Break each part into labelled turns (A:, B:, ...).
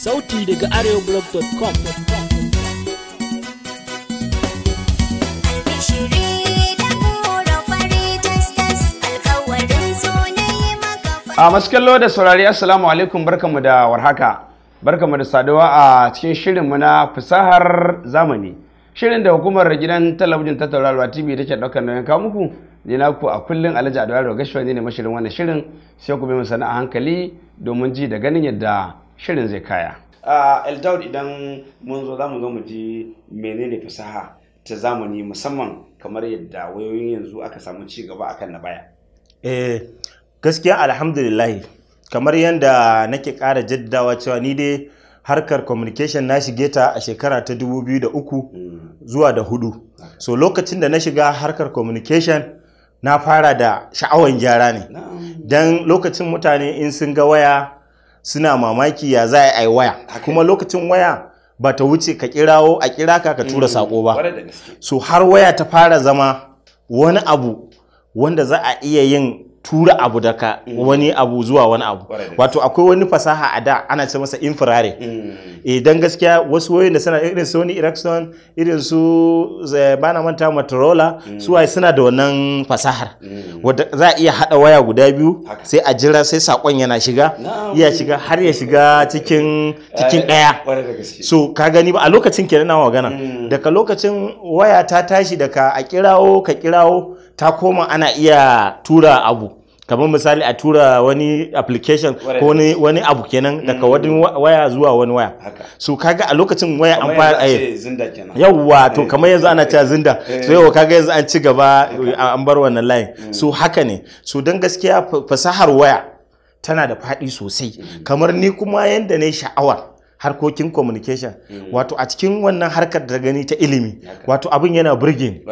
A: sauti daga arewablog.com
B: a maskallo da saurari assalamu alaikum barkanmu da warhaka barkamu da saduwa a cikin shirinmu na fasahar zamani shirin da hukumar gidan talabijin ta taurarwa tv take ɗaukar nauyin kawo muku ne na ku a kullum alhaji adawar da wani ne mashirin wannan shirin sai ku bi mu sana a hankali domin ji da ganin yadda shirin zai kaya. Eldaud idan mun zo za mu zo mu ji menene fasaha ta zamani musamman kamar yadda wayoyin yanzu aka samu ci gaba akan na baya.
A: Eh gaskiya alhamdulillah kamar yadda nake kara jaddawa cewa ni dai harkar communication na shige ta a shekara ta 2003 mm. zuwa da hudu. So lokacin da na shiga harkar communication na fara da sha'awan gyara ne. dan lokacin mutane in sun ga waya suna mamaki ya za a yi waya kuma lokacin waya ba ta wuce ka kirawo a kira ka ka tura mm, sako ba so har waya ta fara zama wani abu wanda za a iya yin tura abu daga mm. wani abu zuwa wani abu wato akwai wani fasaha a da ana ce masa infrared idan mm. eh, gaskiya wasu wayoyin da suna irin wani erection irin su eh, bana manta Motorola mm. su waye suna da wannan fasahar wanda za a iya hada waya guda biyu sai a jira sai sakon yana shiga iya shiga har ya shiga cikin eh, cikin daya so ka gani ba a lokacin kenan na magana daga lokacin waya ta tashi daga a kirawo ka kirawo ta koma ana iya tura abu kamar misali a tura wani application ko wani, abu kenan daga wani mm. waya zuwa wani waya so kaga a lokacin waya an fara eh yawa to eh. kamar yanzu ana cewa zinda eh. so yawa kaga yanzu an ci gaba an bar wannan line mm. so haka ne so dan gaskiya fasahar waya tana da faɗi sosai mm. kamar ni kuma yanda ne sha'awar harkokin communication mm. wato a cikin wannan harkar da gani ta ilimi wato abin yana burge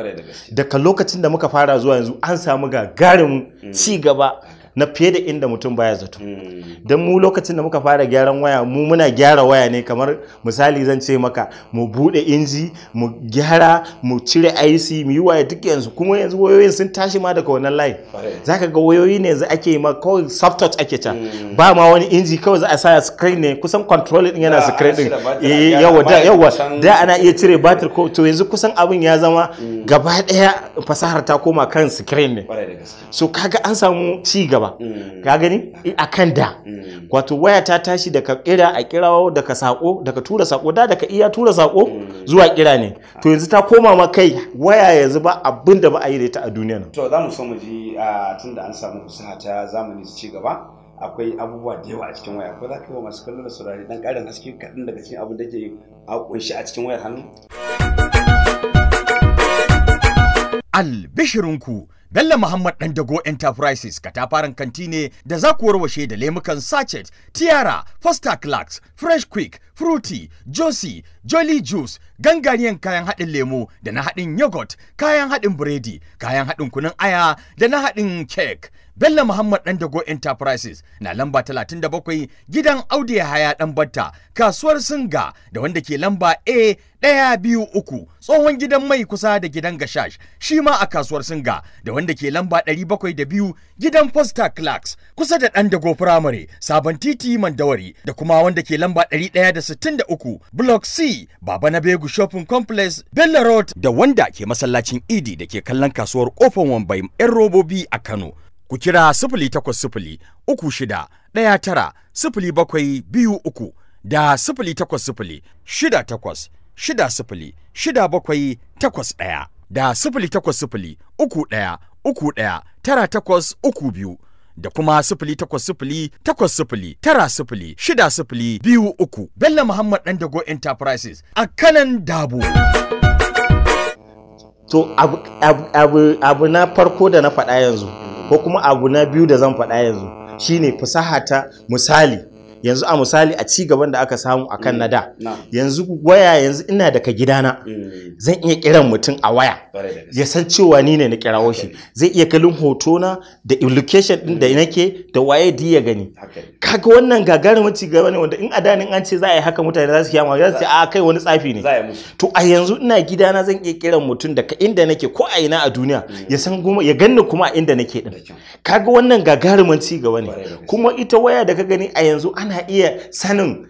A: daga lokacin da muka fara zuwa yanzu an samu gagarin mm. ci gaba na fiye da inda mutum baya zato hmm. don mu lokacin da muka fara gyaran waya mu muna gyara waya ne kamar misali zan ce maka mu bude inji mu gyara mu cire IC mu yi waya duk yanzu kuma yanzu wayoyin sun tashi ma daga wannan layi zaka ga wayoyi ne yanzu ake ma kawai soft touch ake ta hmm. ba ma wani inji kawai za a sa screen ne kusan control din yana screen din yawa eh, da yawa da ana iya cire batir ko to yanzu kusan abin ya zama hmm. gaba daya fasahar ta koma kan screen ne so kaga an samu ci gaba ba mm. ka gani eh, akan da mm. wato waya ta tashi daga kira a kirawo daga sako daga tura sako da daga iya tura sako mm. zuwa kira ne to yanzu ta koma ma kai waya yanzu ba abin da ba a yi da ita a duniya nan
B: to za mu so mu ji da an samu fasaha ta zamani su ci gaba akwai abubuwa da yawa a cikin waya ko za ka yi wa masu kallon da saurari dan karin haske kaɗan daga cikin abin da ke a kunshi a cikin wayar hannu
C: albishirinku Bello Muhammad ɗan dago Enterprises katafaren kanti ne da za ku warwashe da lemukan sachet, tiara, foster clarks, fresh quick, fruity, josie, jolly juice, gangariyan kayan haɗin lemu da na haɗin yogurt, kayan haɗin biredi, kayan haɗin kunun aya da na haɗin cake. Bello Muhammad dago Enterprises na lamba 37 gidan Audi Haya ɗan batta kasuwar Singa da wanda ke lamba A ɗaya biyu uku tsohon gidan mai kusa da gidan gashash shi ma a kasuwar singa da wanda ke lamba ɗari bakwai da biyu gidan posta clarks kusa da ɗan dago firamare sabon titi mandawari da kuma wanda ke lamba ɗari ɗaya da sittin da uku block c baba na begu shopping complex bella road da wanda ke masallacin idi da ke kallon kasuwar kofar wambai yan robobi a kano ku kira sifili takwas sifili uku shida ɗaya tara sifili bakwai biyu uku da sifili takwas sifili shida takwas shida sifili shida bakwai takwas ɗaya da sifili takwas sifili uku ɗaya uku ɗaya tara takwas uku biyu da kuma sifili takwas sifili takwas sifili tara sifili shida sifili biyu uku Bello Muhammad dago Enterprises a kanan dabo. to abu na farko da na
A: faɗa yanzu ko kuma abu na biyu da zan faɗa yanzu shine fasaha ta misali yanzu a misali a ci gaban da aka samu akan mm, na da yanzu waya yanzu ina daga gidana mm. zan iya kiran mutum a waya ya san cewa ni ne na kirawo shi zai iya kalin hoto na da location din da mm. nake da waye di ya gani kaga wannan gagarumin ci gaba ne wanda in a danin an ce za a yi haka mutane za su kiyama za su ce a ah, kai wani tsafi ne to a yanzu ina gidana zan iya kiran mutum daga inda nake ko a ina a duniya ya san kuma ya ganni kuma a inda nake din kaga wannan gagarumin ci gaba ne kuma ita waya da ka gani a yanzu ana iya sanin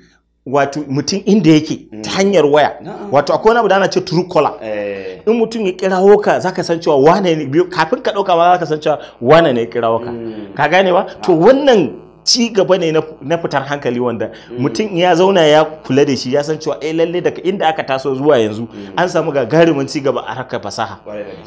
A: wato mutum inda yake mm. ta hanyar waya wato akwai wani abu da ana ce true caller eh. in mutum ya kirawo ka zaka san cewa wane ne biyu kafin ka dauka ma zaka san cewa wane ne ya kirawo ka mm. ka gane ba to wannan ci gaba ne na fitar hankali wanda mm. mutum ya zauna ya kula da shi ya san cewa eh lalle daga inda aka taso zuwa yanzu mm. an samu gagarumin ci gaba a harkar fasaha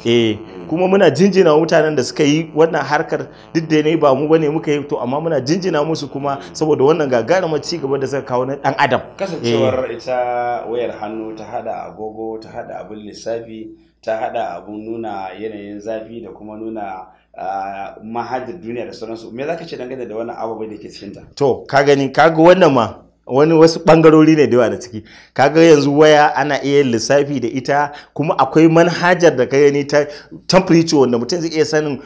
A: eh mm. kuma muna jinjina mutanen da suka yi wannan harkar duk da ne ba mu bane muka yi to amma muna jinjina musu kuma saboda wannan gagarumin ci gaba da suka kawo na dan adam kasancewar
B: eh. ita wayar hannu ta hada agogo ta hada abin lissafi ta hada abun nuna yanayin zafi da kuma nuna mahajjar duniya da sauransu me za ka ce dangane da wannan ababai da ke cikinta
A: to ka gani ga wannan ma wani wasu bangarori ne da yawa da ciki kaga yanzu waya ana iya lissafi da ita kuma akwai manhajar da ka gani ta temperature wanda mutum zai iya sanin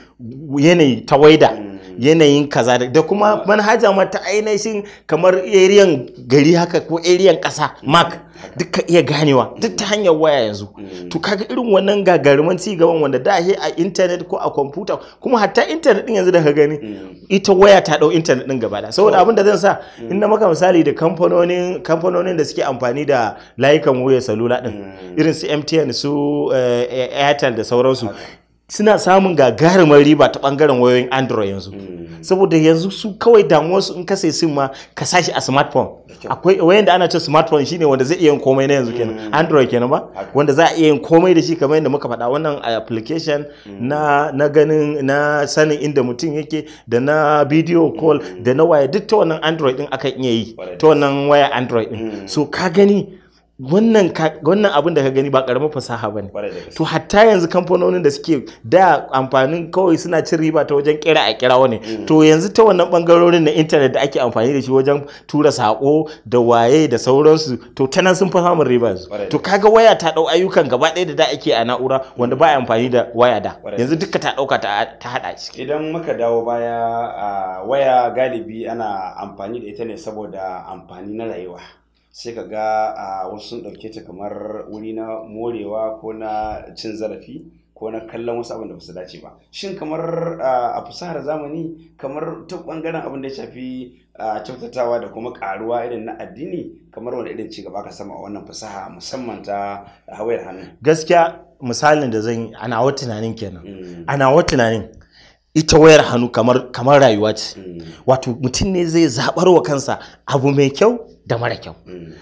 A: yanayi ta waida yanayin kaza da kuma manhaja ma ta ainihin kamar eriyan gari haka ko eriyan kasa mark duk iya ganewa duk ta hanyar waya yanzu mm. to kaga irin wannan gagaruman ci gaban wanda da he a internet ko a kwamfuta kuma hatta internet din yanzu da ka gani mm. ita waya ta dau internet din gaba da saboda abin da zan sa mm. in na maka misali da kamfanonin kamfanonin da suke amfani da layukan wayar salula din irin su MTN su eh, Airtel da sauransu suna samun gagarumar riba ta bangaren wayoyin android yanzu hmm. saboda yanzu su kawai damuwarsu in ka sai sim ma ka a smartphone akwai wayan da ana ce smartphone shine wanda zai iya yin komai na yanzu kenan hmm. android kenan ba wanda za a iya yin komai da shi kamar yadda muka faɗa wannan application hmm. na na ganin na sanin inda mutum yake da na video call da na waya duk ta wannan android din aka iya yi ta wannan waya android din so ka gani wannan abin da ka gani ba karamin fasaha ba ne to hatta yanzu kamfanonin da suke da amfanin kawai suna cin riba ta wajen kira a kira wani mm. to yanzu ta wannan bangarorin na intanet da ake amfani da shi wajen tura sako da waye da sauransu to tana sun fi samun riba yanzu to kaga waya ta dau ayyukan gaba ɗaya da da ake a na'ura wanda ba amfani da waya da yanzu duka ta dauka ta hada shi
B: idan muka dawo baya waya galibi ana amfani da ita ne saboda amfani na rayuwa sai ka ga a wasu sun ɗauke ta kamar wuri na morewa ko na cin zarafi ko na kallon wasu abin da ba su dace ba shin kamar a fusahar zamani kamar ta ɓangaren abin da ya shafi a kyautatawa da kuma karuwa irin na addini kamar wani irin ci gaba ka sama a wannan fasaha musamman ta hawayar hannu
A: gaskiya misalin da zan yi ana wa tunanin kenan mm. ana wa tunanin ita wayar hannu kamar kamar rayuwa ce mm. wato mutum ne zai zabar wa kansa abu mai kyau da mara kyau mm.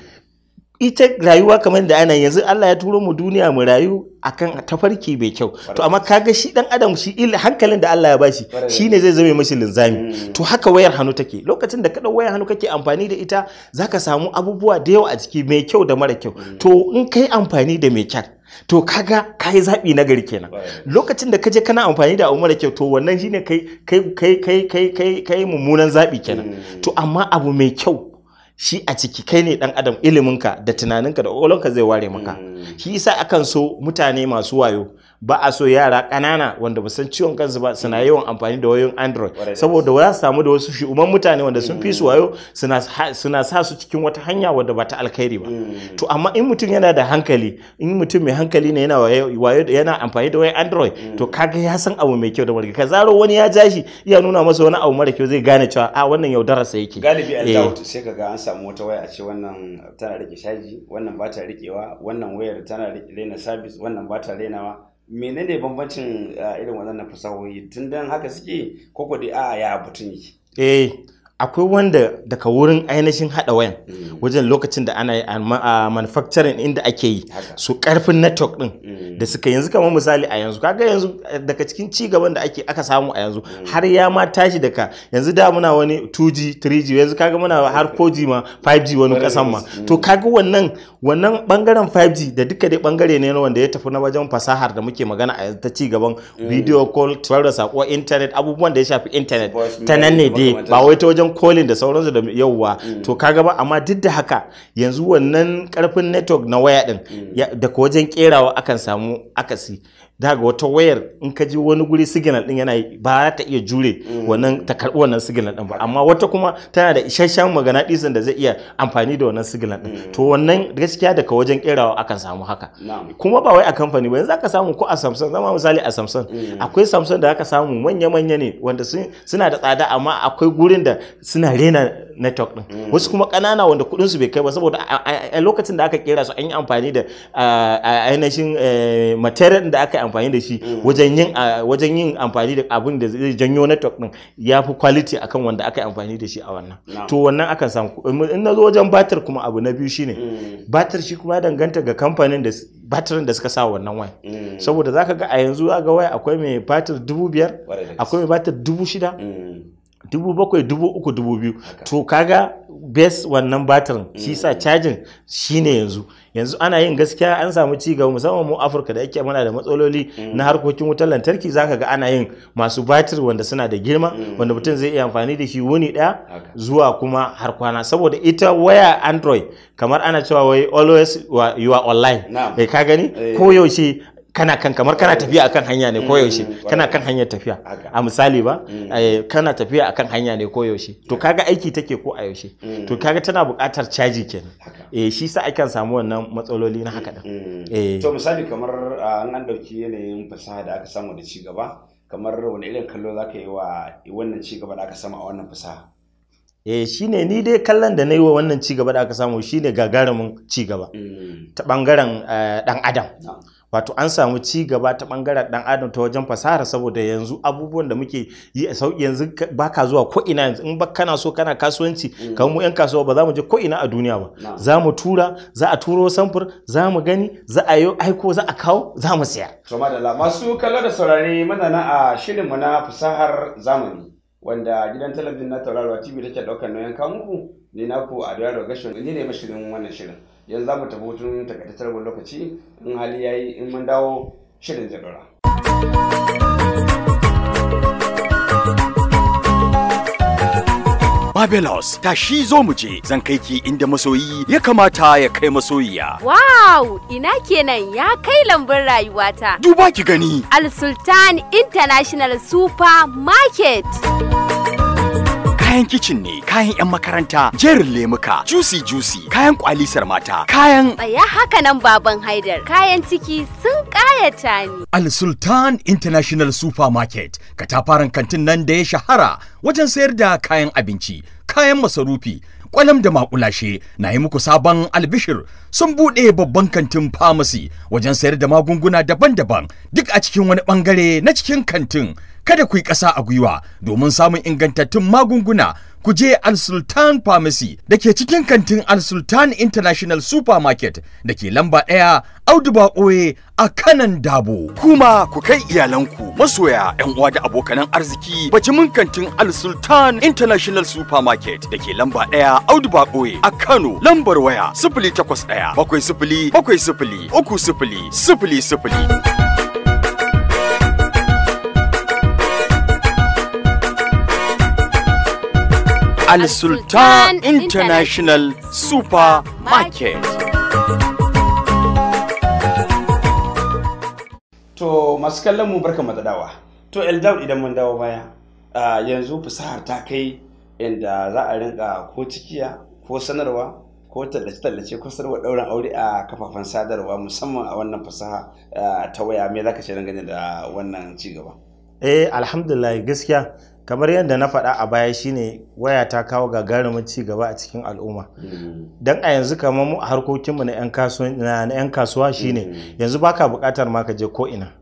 A: ita rayuwa kamar da ana yanzu Allah ya turo mu duniya mu rayu akan tafarki mai kyau to amma kaga shi dan adam shi il hankalin da Allah ya bashi shine zai zame mashi linzami mm. to haka wayar hannu take lokacin da kadan wayar hannu kake amfani da ita zaka samu abubuwa da yawa a ciki mai kyau da mara kyau mm. to in kai amfani da mai kyau to kaga kai zabi na gari kenan lokacin da kaje kana amfani da abu mara kyau to wannan shine kai kai kai mummunan zaɓi kenan to amma abu mai kyau shi a ciki kai ne dan adam iliminka da tunaninka da ƙwaƙwalonka zai ware maka mm. shi yasa akan so mutane masu wayo ba a so yara ƙanana wanda ba san ciwon kansu ba suna yawan amfani da wayoyin android saboda za su samu da wasu shi'uman mutane wanda sun fi su mm. wayo suna sa su cikin wata hanya wadda ba ta alkhairi ba mm. to amma in mutum yana da hankali in mutum mai hankali ne yana wayo yana amfani da wayoyin android mm. to kaga ya san abu mai kyau da wani ka zaro wani ya jashi iya nuna masa wani abu mara kyau zai gane cewa a ah, wannan yaudararsa yake galibi an eh. ta
B: sai kaga an samu wata waya a ce wannan tana rike shaji wannan ba ta rikewa wannan wayar tana rike lena service wannan ba ta lenawa menene bambancin eh, irin waɗannan fasahohi tun dan haka suke ko ko dai a ya batun yake
A: eh akwai wanda daga wurin ainihin hada wayan mm. wajen lokacin da ana a manufacturing inda ake yi su karfin network din mm. da suka yanzu kamar misali a yanzu kaga yanzu eh, daga cikin ci gaban da ake aka samu a yanzu mm. har ya ma tashi daga yanzu da muna wani 2G 3G yanzu kaga muna har 4G ma 5G wani kasan ma to kaga wannan wannan bangaren 5G da duka dai bangare ne wanda ya tafi na wajen fasahar da muke magana a yanzu ta ci gaban video call tare da internet abubuwan da ya shafi internet ta nan ne dai ba wai ta wajen wajen kolin da sauransu da yauwa mm. to kaga ba amma duk da haka yanzu wannan karfin network na waya din mm. da wajen kerawa akan samu akasi daga wata wayar in ka ji wani guri signal din yana ba ta iya jure mm. wannan ta karbi wannan signal din ba amma wata kuma tana da isasshen magana disin da zai iya amfani da wannan signal din mm. to wannan gaskiya daga wajen kerawa akan samu haka kuma ba wai a kamfani ba yanzu aka samu ko a Samsung zama misali a Samsung mm. akwai Samsung da aka samu manya manya ne wanda suna da tsada amma akwai gurin da suna rena network din mm. wasu kuma kanana wanda kudin su bai kai ba saboda a lokacin da aka kera su an yi amfani da ainihin eh, material da aka yi amfani da shi mm. wajen yin wajen amfani da abin da zai janyo network din ya fi quality akan wanda aka yi amfani da shi a wannan to wannan akan samu in na zo wajen batir kuma abu na biyu shine mm. batir shi kuma danganta ga kamfanin da da suka sa wannan waya saboda zaka ga a yanzu zaka ga waya akwai mai batir dubu biyar akwai mai batir dubu shida dubu bakwai dubu uku dubu biyu to kaga best wannan batirin shi sa mm. cajin shine yanzu yanzu ana yin gaskiya an samu ci gaba musamman mu afirka da yake muna da matsaloli mm. na harkokin wutar lantarki zaka ga ana yin masu batir wanda suna da girma mm. wanda mutum zai iya amfani da shi wuni ɗaya zuwa kuma har kwana saboda ita waya android kamar ana cewa wai always you are online kai eh, ka gani eh. ko yaushe kana kan kamar kana eh. tafiya akan hanya ne mm, koyaushe mm, kana kan hanyar tafiya a misali ba mm. eh, kana tafiya akan hanya ne koyaushe to kaga aiki take ko a yaushe to kaga tana buƙatar caji kenan eh shi sa akan samu wannan matsaloli na haka din eh to misali
B: kamar an an dauki yanayin fasaha da aka samu da ci gaba kamar wani irin kallo zaka yi wa wannan ci gaba da aka samu a wannan fasaha
A: eh shine ni dai kallon da na yi wa wannan ci gaba da aka samu shine gagarumin ci gaba ta bangaren dan eh, adam wato an samu ci gaba ta bangaren dan adam ta wajen fasara saboda yanzu abubuwan da muke yi a sauki yanzu baka zuwa ko ina yanzu in ba kana so kana kasuwanci mm. kamar mu yan kasuwa ba za mu je ko ina a duniya ba za mu tura za a turo samfur za mu gani za a yi aiko za a kawo za mu siya
B: to madalla masu kallo da saurare madana a shirin mu na fasahar zamani wanda gidan talabijin na tauraro tv take daukar nauyin kanku ne naku a da gashin ne ne mashirin wannan shirin yanzu za mu tafi hutun takaitaccen wani lokaci in hali ya yi in mun dawo shirin zai dora.
C: ta shi zo mu je zan kai ki inda masoyi ya kamata ya kai masoyiya.
B: Wow, ina kenan ya kai lambun rayuwata. Duba ki gani. Al Sultan International Supermarket. Market.
C: kayan kicin ne, kayan 'yan makaranta, jerin lemuka, juicy juicy, kayan kwalisar mata,
B: kayan... ya haka nan baban haidar, kayan ciki sun ƙayata ni.
C: Al-Sultan International Supermarket, katafaren kantin nan da ya shahara wajen sayar da kayan abinci, kayan masarufi, kwalam da makulashe na yi muku sabon albishir sun buɗe babban kantin famasi wajen sayar da magunguna daban-daban duk a cikin wani bangare na cikin kantin kada ku yi ƙasa a gwiwa domin samun ingantattun magunguna ku je Al-Sultan Pharmacy da ke cikin kantin Al-Sultan International Supermarket da ke lamba ɗaya Audu Oye a kanan Dabo. Kuma ku kai iyalanku masoya 'yan uwa da abokanan arziki bajimin kantin Al-Sultan International Supermarket da ke lamba ɗaya Audu Oye a Kano lambar waya sifili takwas ɗaya bakwai sifili bakwai sifili uku sifili sifili sifili. Al Sultan International Supermarket.
B: To masu kallon mu barka dawa. To Eldar idan mun dawo baya, yanzu fasahar ta kai inda za a rinka ko cikiya ko sanarwa ko tallace-tallace ko sanarwa ɗaurin aure a kafafen sadarwa musamman a wannan fasaha ta waya me za ka ce dangane da wannan cigaba.
A: Eh alhamdulillah gaskiya kamar yadda na faɗa a baya shine waya ta kawo gagarumin ci gaba a cikin al'umma mm. don a yanzu kamar mu a harkokinmu na 'yan kasuwa shine mm. yanzu baka buƙatar ma ka je ko ina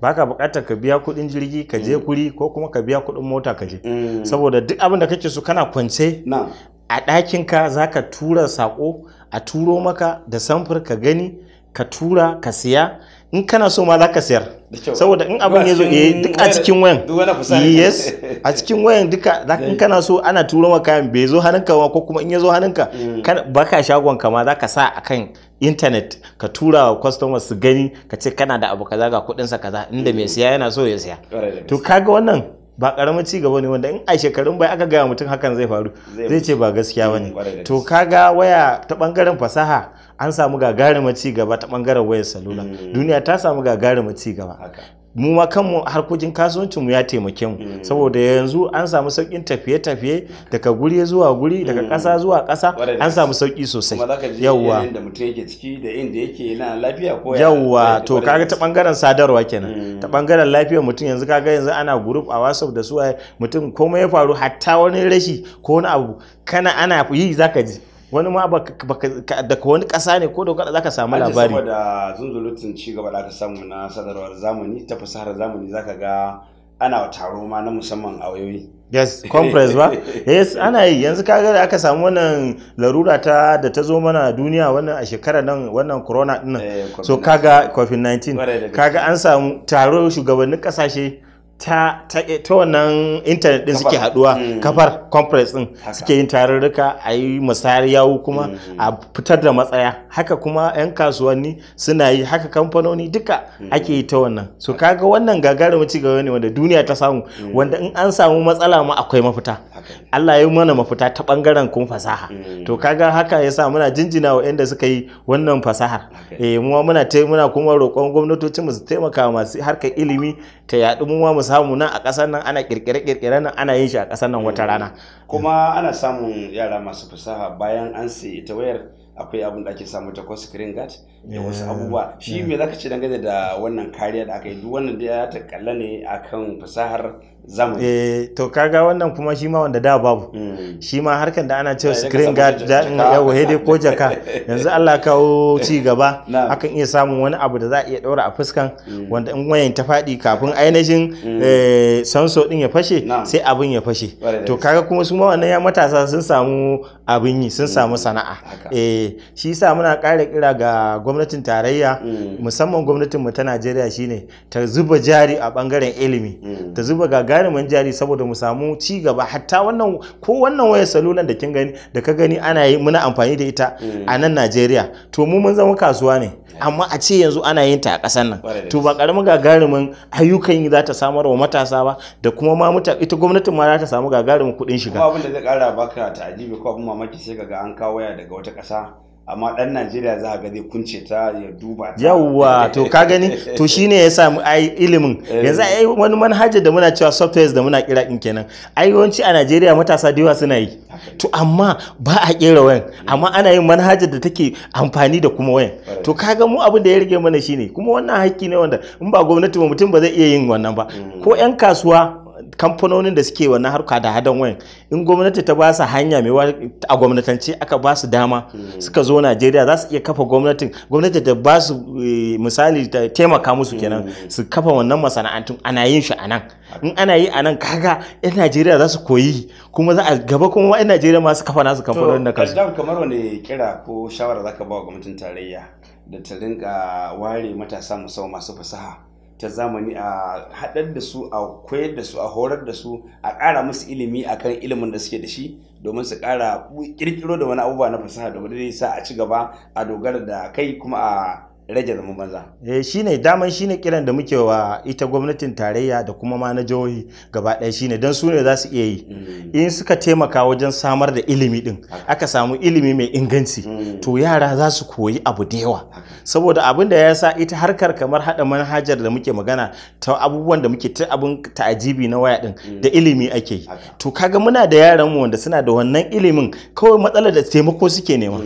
A: baka buƙatar ka biya kuɗin jirgi ka je kuri mm. ko kuma ka biya kuɗin mota ka je saboda duk abin da kake so kana kwance a ɗakin za ka tura saƙo a turo maka da samfur ka gani ka tura ka siya in kana so ma za ka sayar saboda in abin ya zo eh duk a cikin wayan yes a cikin wayan duka in kana so ana turo maka kayan bai zo hannunka ma ko kuma in ya zo hannunka mm. ba ka shagon ka ma za ka sa akan intanet ka tura wa customer su gani ka ce kana da abu kaza ga kuɗinsa kaza inda mai siya yana so ya siya to kaga wannan ba karamin ci gaba ne wanda in a shekarun bai aka gaya mutum hakan zai faru zai ce ba gaskiya bane to kaga waya ta bangaren fasaha an samu gagarumin ci gaba ta bangaren wayar salula hmm. duniya ta samu gagarumin ci gaba mu ma kanmu harkokin kasuwancin mu ya taimake mu mm. saboda yanzu an samu saukin tafiye-tafiye daga guri zuwa guri daga mm. ƙasa
B: zuwa ƙasa an
A: samu sauki sosai yawwa da
B: mutum yake ciki da inda yake yana lafiya ko
A: yawwa to kaga ta bangaren sadarwa kenan mm. ta bangaren lafiyar mutum yanzu kaga yanzu ana group a WhatsApp da su mutum komai ya faru hatta wani rashi ko wani abu kana ana yi zaka ji wani ma daga wani kasa ne ko da za ka samu labari
B: saboda zunzulutun ci gaba da aka samu na sadarwar zamani ta fasahar zamani zaka ga ana taro ma na musamman a wayoyi
A: yes conference ba yes ana yi yanzu kaga da aka samu wannan larura ta da ta zo mana duniya wannan a shekarar nan wannan corona din eh, so kaga covid-19 kaga an samu taro shugabannin kasashe ta ta eh, ta wannan intanet din suke haduwa mm. kafar conference din suke yin tarurruka a yi musayar yawo kuma mm. a fitar da matsaya haka kuma 'yan kasuwanni suna yi haka kamfanoni duka mm. ake yi ta wannan so kaga wannan gagarin ci gaba ne wanda duniya ta samu wanda in an samu matsala ma akwai mafita Allah ya mana mafita ta bangaren kun fasaha to kaga haka yasa muna jinjina wa yanda suka yi wannan fasahar eh mu muna muna kuma roƙon mu su taimaka masu harkar ilimi ta yaɗu mu samu nan a ƙasar nan ana ƙirƙire kirkire nan ana yin shi a ƙasar nan wata mm. rana
B: kuma ana samun yara masu fasaha bayan an sai ita wayar akwai abin da ake samu ta ko screen guard da wasu abubuwa shi me zaka ce dangane da wannan kariya da aka yi duk wannan da ya takalla ne akan fasahar zamani
A: eh to kaga wannan kuma shi ma wanda da babu mm. shi ma harkan da ana cewa screen guard da yawa dai ko jaka yanzu Allah kawo ci gaba akan iya samun wani abu da za a iya daura a fuskan mm. wanda in wayan ta fadi kafin ainihin mm. eh, sanso din ya fashe sai abin ya fashe to kaga kuma su ma wannan ya matasa sun samu abin yi sun samu sana'a eh shi sa muna ƙara kira ga gwamnati gwamnatin tarayya mm. musamman gwamnatin mu ta Najeriya shine ta zuba jari a bangaren ilimi mm. ta zuba gagarumin jari saboda mu samu ci gaba hatta wannan ko wannan wayar salulan da kin gani da ka gani ana yi muna amfani da ita mm. a nan Najeriya to mu mun zama kasuwa ne amma a ce yanzu ana yin ta a ƙasar nan to ba karamin gagarumin ayyukan yi za ta samar wa matasa ba da kuma ma muta ita gwamnatin ma za ta samu gagarumin kuɗin shiga kuma
B: abin da zai ƙara baka ta ajibi ko abin mamaki sai kaga an kawo waya daga wata kasa. amma dan Najeriya za ga zai kunce ta ya duba ta yawa to ka gani to
A: shine ya samu ai ilimin yanzu eh. ai wani manhaja da muna cewa softwares da muna kira din kenan ai yawanci a Najeriya matasa da yawa suna yi to amma ba a kera wayan mm. amma ana yin manhajar da take amfani da kuma wayan to kaga mu abin da ya rage mana shine kuma wannan haƙƙi ne wanda in ba gwamnati ba mutum ba zai iya yin wannan ba mm. ko 'yan kasuwa kamfanonin da suke wannan harka da hadan wayan in gwamnati ta ba su hanya mai a gwamnatance aka ba su dama hmm. suka zo Najeriya za su iya kafa gwamnatin gwamnati ta ba su eh, misali ta taimaka musu kenan hmm. su kafa wannan masana'antun ana yin shi a nan in ana yi a nan kaga yan Najeriya za su koyi kuma za a gaba kuma wa'in Najeriya ma su kafa nasu kamfanonin da kansu to
B: kamar wani kira ko shawara zaka ba wa gwamnatin tarayya da ta dinga ware matasa musamman masu fasaha ta zamani a haɗar da su a koyar da su a horar da su a ƙara musu ilimi akan ilimin da suke da shi domin su ƙara ƙirƙiro da wani abubuwa na fasaha domin dai sa a ci gaba a dogara da kai kuma a rage zama banza.
A: Eh ne daman shi ne kiran da muke wa ita gwamnatin tarayya da kuma ma na jihohi gaba ɗaya ne don su ne za su iya yi. Mm. In suka taimaka wajen samar da ilimi din aka samu ilimi mai inganci mm. to yara za su koyi abu da yawa. Saboda abin da ya sa ita harkar kamar haɗa manhajar da muke magana ta abubuwan da muke ta abin ta'ajibi na waya din mm. da ilimi ake yi. To kaga muna da yaran mu wanda suna da wannan ilimin kawai matsalar da taimako suke nema.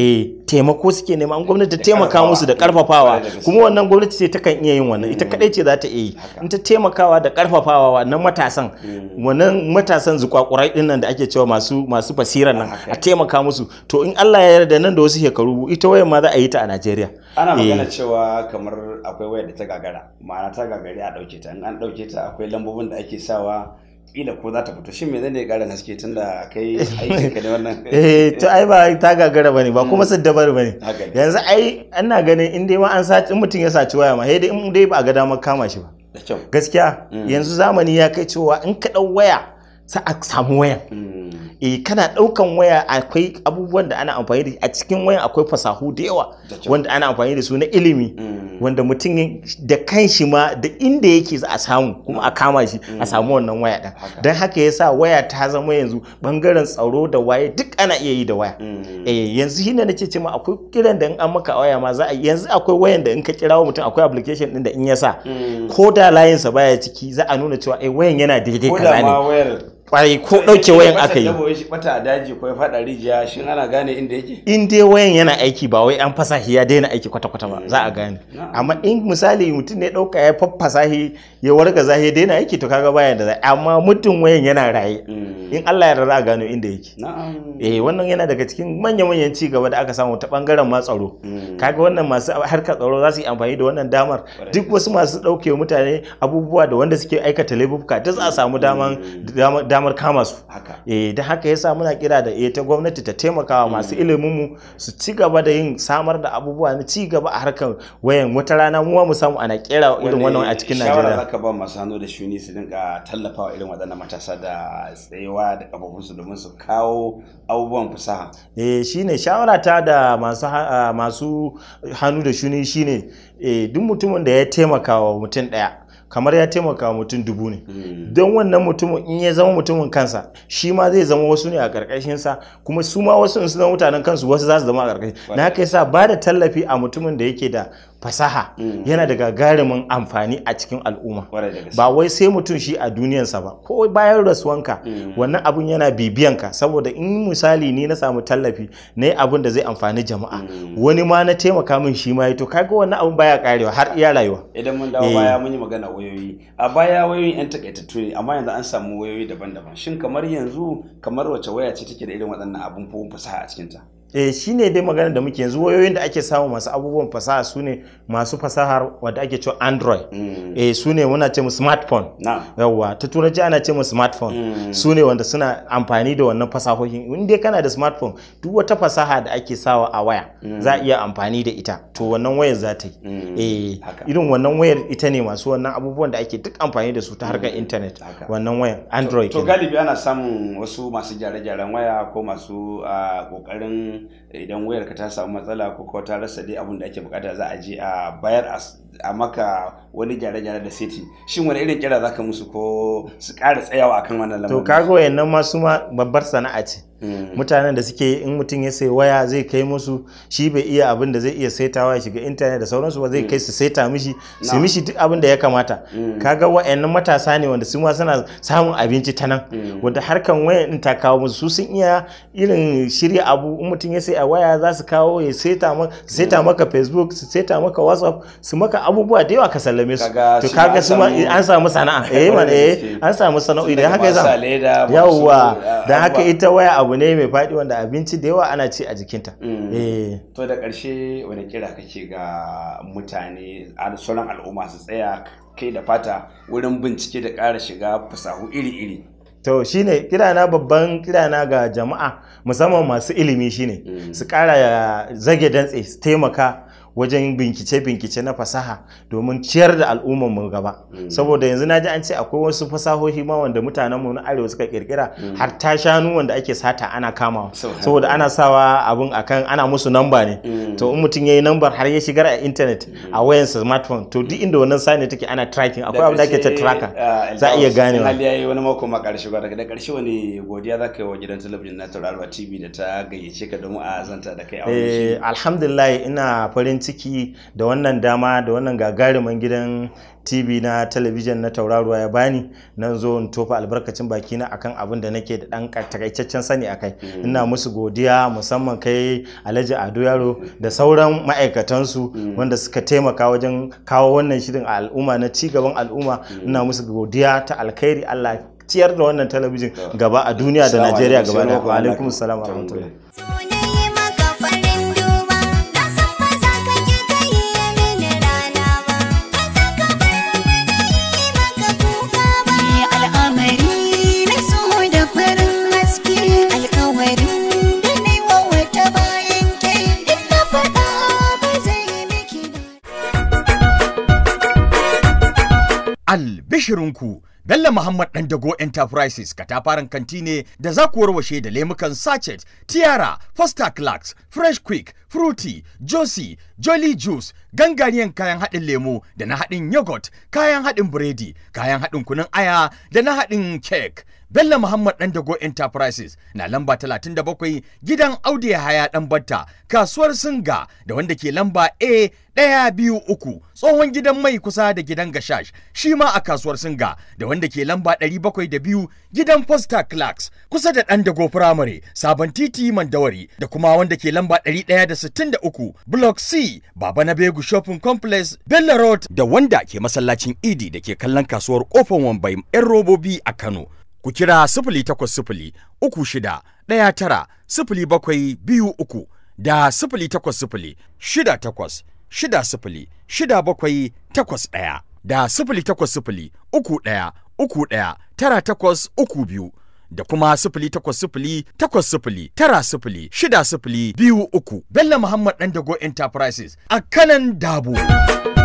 A: eh taimako suke nema an gwamnati ta taimaka musu da karfafawa kuma wannan gwamnati ce ta kan iya yin wannan ita kadai ce za ta iya yi in ta taimakawa da karfafawa wannan matasan hmm. wannan matasan zukwakurai din nan da ake cewa masu masu basiran nan a taimaka musu to in Allah ya yarda nan da wasu shekaru ita wayar ma za a yi ta a Najeriya ana eh. magana
B: cewa kamar akwai wayar da ta gagara ma'ana ta gagari a dauke ta in an dauke ta akwai lambobin da ake sawa kila ko za ta fito shin me zai karin haske tun da kai yi ne wannan eh to
A: ai ba ta gagara bane ba kuma hmm. saddabar bane yanzu ai ana ganin in dai ma an saci mutum ya saci waya ma sai dai in dai ba a ga damar kama shi ba gaskiya hmm. yanzu zamani ya kai cewa in ka dau waya sa a samu wayan hmm. eh kana daukan waya akwai abubuwan da ana amfani da a cikin wayan akwai fasahu da yawa wanda ana amfani da su na ilimi mm. wanda mutum da kanshi ma da inda yake za a samu kuma a kama shi a mm. samu wannan waya din dan haka yasa waya ta zama yanzu bangaren tsaro da waye duk ana iya yi da waya mm. eh yanzu hina nake ce ma akwai kiran da in an maka waya ma za a yanzu akwai wayan da in ka kirawo mutum akwai application din da in yasa ko da layinsa baya ciki za a nuna cewa eh wayan yana daidai kaza ne kwarai ko ɗauke wayan aka yi
B: bata daji ko faɗa rijiya shin ana gane inda yake
A: in wayan yana aiki ba wai an fasahi ya daina aiki kwata kwata ba eh, za a gane amma in misali mutum ne ɗauka ya faffasahi ya warka za ya daina aiki to kaga bayan da zai amma mutum wayan yana raye mm. in Allah ya rara a gano inda yake eh wannan yana daga cikin manya manyan ci gaba da aka samu ta bangaren ma tsaro mm. kaga wannan masu harkar tsaro za su yi amfani da wannan damar duk wasu masu dauke mutane abubuwa da wanda suke aikata laifuka ta za a samu mm. damar damar kama su eh da haka yasa muna kira da ita eh, gwamnati ta taimakawa masu ilimin mu su ci gaba da yin samar da abubuwa na ci gaba a harkar wayan wata rana mu mu samu ana kera irin wannan a cikin Najeriya aka
B: ba masu hannu da shuni su dinka tallafawa irin waɗannan matasa da tsayewa da ƙafafunsu domin su kawo abubuwan fasaha
A: eh shine shawara ta da masu hannu da shuni shine eh, duk mutumin da ya taimaka wa mutum ɗaya kamar ya taimaka mutum dubu ne hmm. don wannan mutumin in ya zama mutumin kansa shi ma zai zama wasu ne a ƙarƙashinsa kuma su ma wasu in su zama mutanen kansu wasu za su zama a ƙarƙashin na haka yasa ba da tallafi a mutumin da yake da fasaha mm. yana da gagarumin amfani a cikin al'umma ba wai sai mutum shi a duniyansa ba ko bayan rasuwanka mm. wannan abun yana bibiyanka saboda in misali ni na samu tallafi na yi abun da zai amfani jama'a mm. wani ma na taimaka min shi ma to kaga wannan abun baya karewa har iya rayuwa
B: idan mun dawo baya eh. mun yi magana wayoyi a baya wayoyin yan takaitattu ne amma yanzu an samu wayoyi daban-daban shin kamar yanzu kamar wace waya ce take da irin waɗannan abun fasaha a cikinta
A: eh shi ne dai magana da muke yanzu wayoyin da ake samu masu abubuwan fasaha su ne masu fasahar wadda ake cewa android mm. eh, su ne muna ce mu smartphone yawwa ta turanci ana ce mu smartphone mm. su ne wanda suna amfani da wannan fasahohin in dai kana da smartphone duk wata fasaha da ake sawa a waya mm. za a iya amfani da ita to wannan wayar za ta yi eh, irin wannan wayar ita ne masu wannan abubuwan da ake duk amfani da su ta harkar internet wannan wayar android to galibi
B: ana samun wasu masu gyare-gyaren waya ko masu kokarin ah, idan wayarka ta samu matsala ko ta rasa dai abin da ake bukata za a je a bayar a a maka wani gyare-gyare da city shin wani irin kira zaka musu ko su ƙara tsayawa akan wannan lamarin to kaga
A: wayannan ma su ma babbar sana'a ce hmm. mutanen da suke in mutum ya sai waya zai kai musu shi bai iya abin da zai iya saitawa ya shiga intanet da sauransu ba zai hmm. kai su saita mishi su mishi duk abin da ya kamata hmm. kaga wayannan matasa ne wanda su ma suna samun abinci ta nan wanda harkan waya din ta kawo musu su sun iya irin shirya abu in mutum ya sai a waya za su kawo ya saita maka facebook su saita maka whatsapp su maka ka abubuwa da yawa ka sallame su to kaga su an samu sana'a eh mana eh an samu sana'o'i da haka yasa yawa da haka ita waya abu ne mai fadi wanda abinci da yawa ana ci a jikinta
B: mm. eh to da ƙarshe wani kira kake ga mutane sauran al'umma su tsaya kai da fata wurin bincike da ƙara shiga fasahu iri-iri
A: to shine kirana babban kirana ga jama'a musamman masu ilimi shine mm. su ƙara zage dantse su taimaka wajen binkice-binkice na fasaha domin ciyar da al'ummar mu gaba mm. saboda yanzu na ji an ce akwai wasu fasahohi ma wanda mutanen mu na arewa suka kirkira mm. har ta shanu wanda ake sata ana kamawa saboda ana sawa abun akan ana musu namba ne mm. to in mutum yayi nambar har ya shigar a internet a wayan smartphone to duk inda wannan sani take ana tracking akwai abu da ake ta tracker za a iya ah, gane hali
B: yayi wani mako ma karshe ba daga karshe wani godiya zaka yi wa gidan talabijin na Tauraro TV da ta gayyace ka domin a zanta da kai a wannan eh,
A: alhamdulillah ina farin ciki da wannan dama da wannan gagariman gidan tv na talabijin na tauraruwa ya bani nan zo in tofa albarkacin baki na akan abin da nake da dan takaitaccen sani akai mm. ina musu godiya musamman kai alhaji ado yaro mm. da sauran ma'aikatansu mm. wanda suka taimaka wajen kawo wannan shirin a al'umma na cigaban al'umma ina musu godiya ta alkhairi allah ciyar da wannan talabijin ah. gaba a duniya da najeriya gaba da alaikum salam
C: ku Bello Muhammad dago Enterprises ka katafaren kanti ne da za ku warwashe da lemukan sachet, tiara, fosta clarks, fresh quick, fruity, josi jolly juice, gangariyan kayan haɗin lemo da na haɗin yogurt, kayan haɗin biredi, kayan haɗin kunun aya da na haɗin cake. Bello Muhammad ɗan dago Enterprises na lamba 37 gidan Audu haya ɗan Batta kasuwar Singa da wanda ke lamba A ɗaya biyu uku tsohon gidan mai kusa da gidan gashash shi ma a kasuwar singa da wanda ke lamba ɗari bakwai da biyu gidan posta clarks kusa da ɗan dago firamare sabon titi mandawari da kuma wanda ke lamba ɗari ɗaya da sittin da uku block c baba na begu shopping complex bella road da wanda ke masallacin idi da ke kallon kasuwar kofar wambai yan robobi a kano ku kira sifili takwas sifili uku shida ɗaya tara sifili bakwai biyu uku da sifili takwas sifili shida takwas shida sifili shida bakwai takwas ɗaya da sifili takwas sifili uku ɗaya uku ɗaya tara takwas uku biyu da kuma sifili takwas sifili takwas sifili tara sifili shida sifili biyu uku Bello Muhammad dago Enterprises a kanan dabo.